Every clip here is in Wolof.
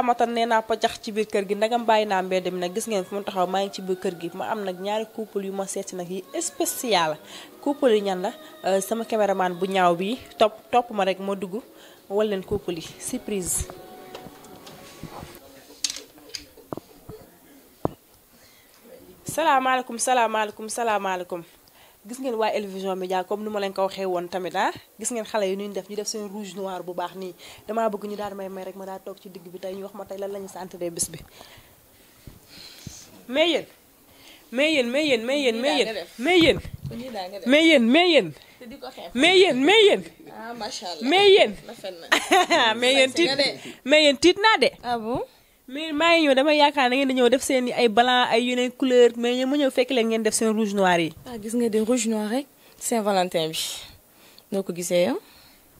ndaamaatan nee naa pajax ci biir kër gi ndagam bàyyi naa mbedd mi nag gis ngeen fi mu taxaw maa ngi ci biir gi ma am nag ñaari couple yu ma seeti nag yi spécial couple yi ñan la euh, sama caméraman bu ñaaw bi topp topp ma rek ma dugg walleen leen couple yi surprise salaamaaleykum salaamaaleykum salaamaaleykum gis ngeen waa El Vision Médias comme nu ma leen ko waxee woon tamit ah, gis ngeen xale yi nuy def ñu def seen rouge noir bu baax nii damaa bëgg ñu daal may may rek ma daal toog ci digg bi tey ñu wax ma tay lan la ñu sant de bés bi mais yéen mais yéen mais yéen mais yéen mais yéen mais yéen mais yéen mais yéen mais yéen mais yéen ah, mais yéen mais yéen tiit mais yéen tiit naa de ah mais maa ngi ñëw dama yaakaar na ngeen di ñëw def seen ay blanc ay yeneen couleur mais ñoom ma ñëw fekk leen ngeen def seen rouge noir yi. ah gis nga de rouge noir rek Saint Valentin bi noo ko gisee yow.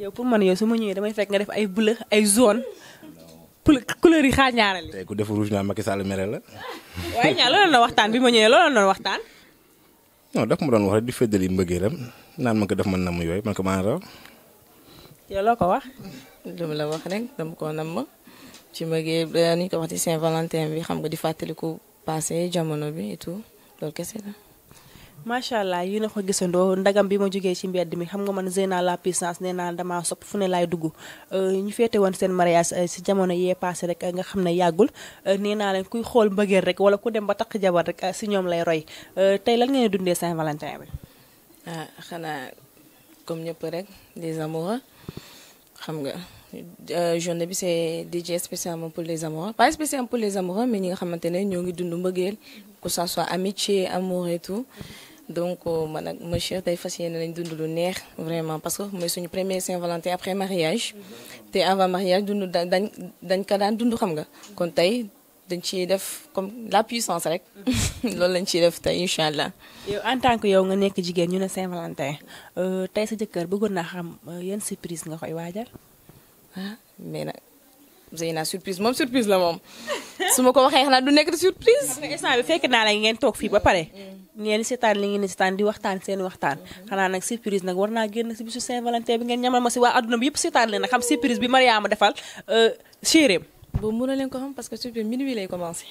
yow pour man yow su ma ñëwee damay fekk nga def ay bleu ay zone couleur yi xaar ñaarali. tey ku def rouge noir Macky Sall mere la. waaye ñaar loolu la waxtaan bi ma ñëwee loolu la waxtaan. non daf ma doon wax rek di feddali mbëggeelam naan ma ko def man na mu yooyu man ko maa raw. yow loo ko wax. dama la wax rek dama ko nam ci mbëggee dañuy ko wax ci Saint-Valentin bi xam nga di fàttaliku passé jamono bi et tout loolu kese la. macha allah yi na ko gisandoo ndagam bi ma jógee ci mbedd mi xam nga man Zeyna la puissance nee naa damaa sopp fu ne laay dugg euh, ñu féete woon seen mariage ci euh, jamono yee passé rek nga xam ne yàggul euh, nee naa leen kuy xool mbëggeel rek wala ku dem ba takk jabar rek ci ñoom lay roy tey lan ngeen dundee Saint-Valentin bi. Ah, xanaa comme ñëpp rek les amoureux xam nga. Euh, journée bi c'est dédié spécialement pour les amoureux pas spécialement pour les amoureux mais ñi nga xamantene ne ñoo ngi dund que ça soit amitié amour et tout donc euh, man ak monsieur tey fas yéene nañ dund lu neex vraiment parce que moy suñu premier Saint-Valentin après mariage te avant mariage dund dañ dañ ko daan dund xam nga kon tay dañ ci def comme la puissance rek loolu lañ ci def tay inshallah yow en tant que yow nga nekk jigéen ñu ne Saint-Valentin euh, tay sa jëkkër bëggoon naa xam euh, yan surprise nga koy waajal. ah mais nag Zeyna surprise moom surprise la moom su ma ko waxee xanaa du nekk di surprise. instant bi fekk naa la ngeen toog fii ba pare. ngeen seetaan li ngeen seetaan di waxtaan seen waxtaan. xanaa nag surprise nag war naa génn si bisu Saint-Valentin bi ngeen ñamal ma si waa adduna bi yëpp seetaan leen nag xam surprise bi Mariama defal euh, chéréem. boobu mënoo leen ko xam parce que surprise minuit lay commencé.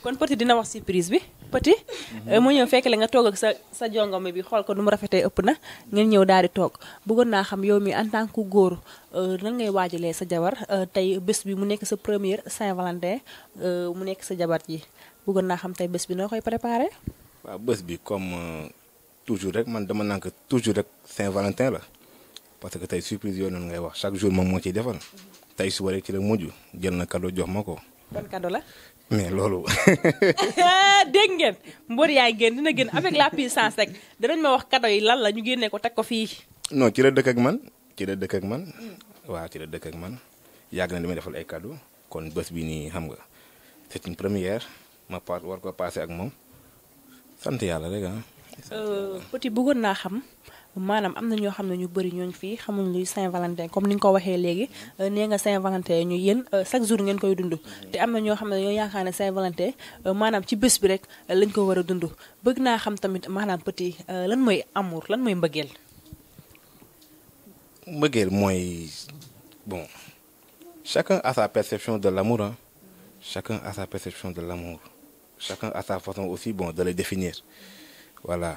kon petit dina wax surprise bi pati eh, mo ñëw fekk la nga toog ak sa sa jongome bi xol ko numu rafeté ëpp na ngeen ñew daal di bu gon na xam yow mi en tant que euh nan ngay waajalee sa jabar eh, tay bës bi mu nekk sa première saint valentin eh, mu nekk sa jabar ji gon na xam tay bës bi no koy préparer wa bës bi comme toujours rek man dama nank toujours rek saint valentin la parce que tay surprise yooyu ngay wax chaque jour moom moo ciy defal mhm. tey suba rek ci la jël na cadeau jox mako ko ban la mais loolu. dégg ngeen mbër yaay génn dina génn avec la puissance rek danañ ma wax kado yi lan la ñu génnee ko teg ko fii. non ci la dëkk ak man ci la dëkk ak man. waaw ci la dëkk ak man yàgg na li may defal ay cadeau kon bës bi nii xam nga c'est une première ma pa war ko passé ak moom sant yàlla rek ah. Euh, petit bëggoon naa xam. suis amna ñoo a ñu luy Saint-Valentin comme ni ko euh, nga Saint-Valentin ñu yeen euh, chaque jour ngeen koy ñoo ñoo Saint-Valentin euh, manam ci bës bi rek lañ ko xam tamit petit lan moy amour lan bon chacun a sa perception de l'amour hein chacun a sa perception de l'amour chacun a sa façon aussi bon de le définir voilà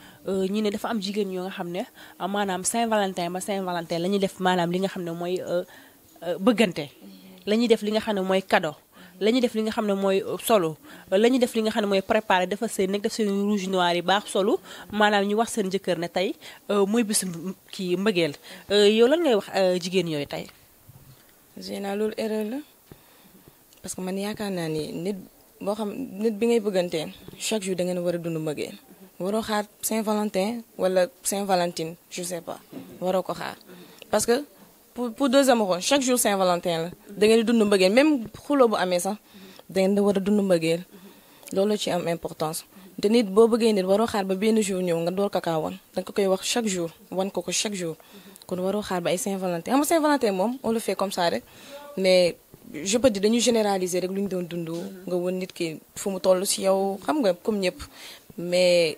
Euh, ñi ne dafa am jigéen ñoo nga xam ne ah, maanaam Saint-Valentin ba Saint-Valentin la ñuy def maanaam li nga xam ne mooy euh, euh, bëggante la ñuy def li nga xam ne mooy kado la def li nga xam ne mooy solo la ñuy def li nga xam ne mooy préparé dafa seen nag def seen rouge noir yi baax solo maanaam ñu wax seen jëkkër ne tey mooy bisu kii mbëggeel yow lan ngay wax jigéen yooyu tey. naa loolu erreur parce que man yaakaar naa ni nit boo xam nit bi ngay bëgganteen chaque jour da ngeen war a dund mbëggeel waro xaar Saint-Valentin wala Saint-Valentine je sais pas waro ko xaar parce que pour pour deuxième amoureux chaque jour Saint-Valentin la da ngeen di dund mbëggeel même xulo bu amee sax da ngeen di war a dund mbëggeel loolu ci am importance te nit boo bëggee nit waroo xaar ba benn jour ñëw nga door won da nga koy wax chaque jour wan ko ko chaque jour kon waroo xaar ba ay Saint-Valentin xam Saint-Valentin moom on le fait comme ça rek mais je peux dire dañu généraliser rek luñ doon dund nga won nit ki fu mu toll si yow xam nga comme ñëpp mais.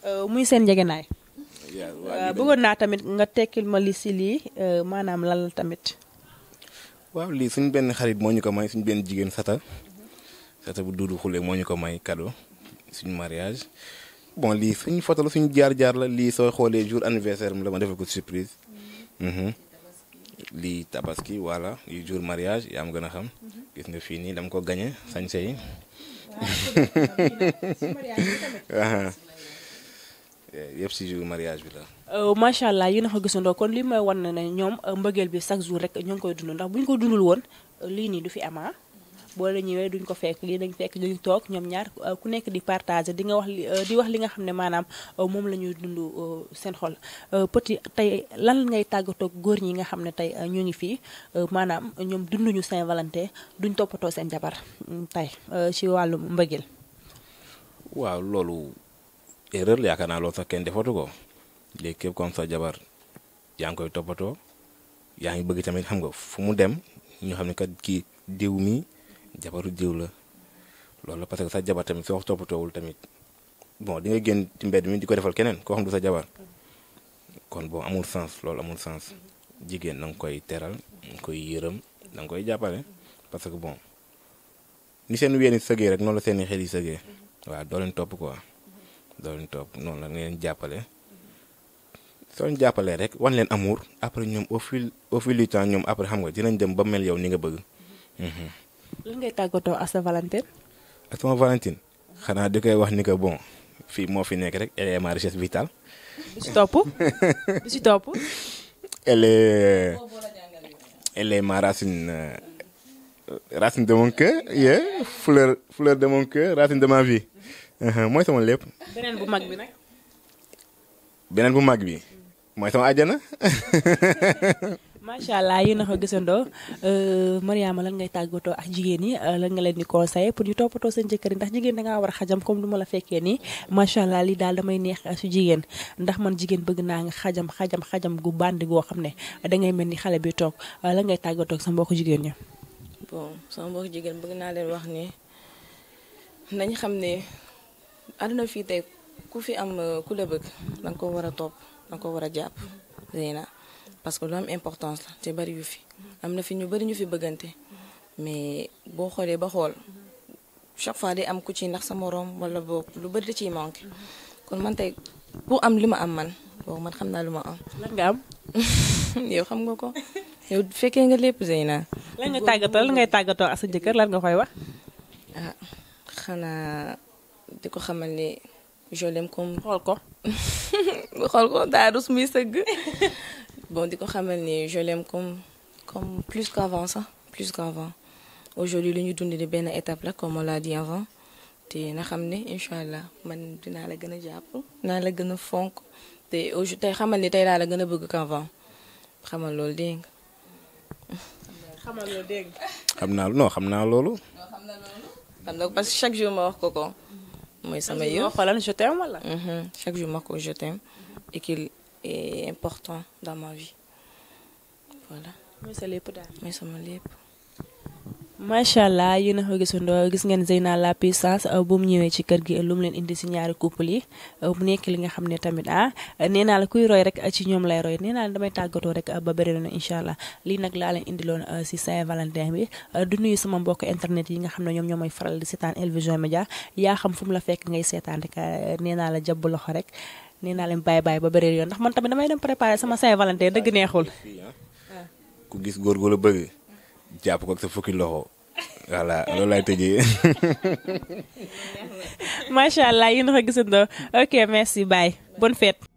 Euh, muy seen njegenaay euh, bëggoon naa tamit nga tekkil ma li si lii euh, maanaam lan tamit waaw lii suñ benn xarit moo ko may suñ benn jigéen sata sata bu duudu xule moo ñu ko may cadeau suñ mariage bon lii suñ photo la suñ jaar-jaar la lii soo xoolee jour anniversaire la ma defal ko surprise mhm. lii tabaski voilà yu jour mariage yaa ma gën a xam gis nga fii nii dama ko gagné sañ yëpp si jour mariage bi la. Euh, macha allah yéen a ko gisandoo kon li may wan ne ñoom euh, mbëggeel bi chaque jour rek ñu ngi koy dund ndax bu ñu ko dundul woon euh, lii nii du fi amaa ah. boo la ñëwee duñ ko fekk lii dañ fekk ñu toog ñoom ñaar ku nekk di partager di nga wax di wax li nga xam ne maanaam moom la ñuy dund seen xol petit tey lan ngay tàggatoog góor ñi nga xam ne tey ñu ngi fii maanaam ñoom dunduñu Saint-Valentin duñ toppatoo seen jabar tey ci wàllu mbëggeel erreur yaakaar naa loolu sax kenn defatu ko léegi képp comme sa jabar yaa ngi koy toppatoo yaa ngi bëgg tamit xam nga fu mu dem ñu xam ne kat kii diw mi jabaru diw la loolu la parce que sa jabar tamit soo toppatoowul tamit bon di nga génn ci mi di ko defal keneen koo xam du sa jabar kon boo amul sens loolu amul sens jigéen na nga koy teral na nga koy yërëm na koy jàppale parce que bon ni seen wéen yi sëgee rek noonu la seen i xel yi sëgee waaw doo leen topp quoi. doo leen topp noonu la ngeen jàppale. soo jàppalee rek wan leen amour après ñoom au fil au fil temps ñoom après xam nga dinañ dem ba mel yow ni nga bëgg. Mm-hmm. lan ngay tàggatoo ak sa Valentine. ak sama Valentine. xanaa di koy wax ni que bon fii moo fi nekk rek elle est ma richesse vitale. bi ci topp bi racine euh, racine de mon fleur fleur de mon racine de ma vie. mooy sama lépp. beneen bu mag bi nag. beneen bu mag bi. mooy sama àjjana. macha allah yéen a ko gisandoo euh, Mariama lan ngay tàggatoo ak jigéen ñi euh, lan nga leen di conseillé pour ñu toppatoo seen jëkkër yi ndax jigéen da ngaa war a xajam comme du ma la fekkee nii macha allah lii daal damay neex euh, su jigéen ndax man jigéen bëgg naa nga xajam xajam xajam gu bandi goo xam ne da ngay mel ni xale bi toog lan ngay tàggatoo ak sa mbokku jigéen ñi. bon sama mbokku jigéen bëgg naa leen wax ni nañ xam ne àdduna fii tey ku fi am euh, ku la bëgg danga ko war a topp danga ko war a jàpp Zeyna parce que lu am importance la te bari yu fi am na fi ñu bari ñu fi bëggante mais boo xoolee ba xool chaque fois day am ku ci ndax sa moroom wala boo lu bari da ciy manqué kon man te pour am li ma am man boobu man xam naa lu ma am. lan nga am. yow xam nga ko yow fekkee nga lépp Zeyna. lan nga tàggatoo la ngay tàggatoo ak sa jëkkër lan nga koy wax. Ah, xanaa. di ko xamal ne je l'aime comme xool ko xool ko di ko xamal ne je comme comme plus qu'avant sax plus qu'avant aujourd'hui lu ñu dund ni benn étape la comme on l'a avant te na xam ni incha allah man dinaa la gën a jàpp dinaa la gën a fonk te aujourd'hui tey xamal ni tey laa la gën a bëgg qu'avant xamal loolu dégg nga xamal xam naa noo xam naa loolu xam na loolu xam chaque jour ma wax ko ko mooy ça yëf voilà je t'aime wala. Mhm. chaque jour moi je t'aime et qu'il est important dans ma vie voilà. mooy sa lépp Mais ça sama macha allah yéen a ko gisandoo gis ngeen Zeyna la puissance euh, bu mu ñëwee ci kër gi lu leen indi si ñaari couple yi euh, nekk li nga xam ne tamit ah nee naa la kuy roy rek ci ñoom lay roy nee naa damay tàggatoo rek ba beneen incha allah lii nag laa leen indiloon si euh, Saint-Valentin bi nuyu sama mbokk internet yi nga xam ne ñoom ñoo may faral di seetaan El Vision Médias yaa xam fu mu la fekk ngay seetaan rek nee naa la jàpp loxo rek nee naa leen baay bàyyi ba beneen yoon ndax man tamit damay dem préparer sama Saint-Valentin dëgg neexul. ku gis góor gu la bëgg jàpp ko ak sa fukki loxo voilà loolu laay tëjee. macha allah yéen a ok merci bye bonne fête.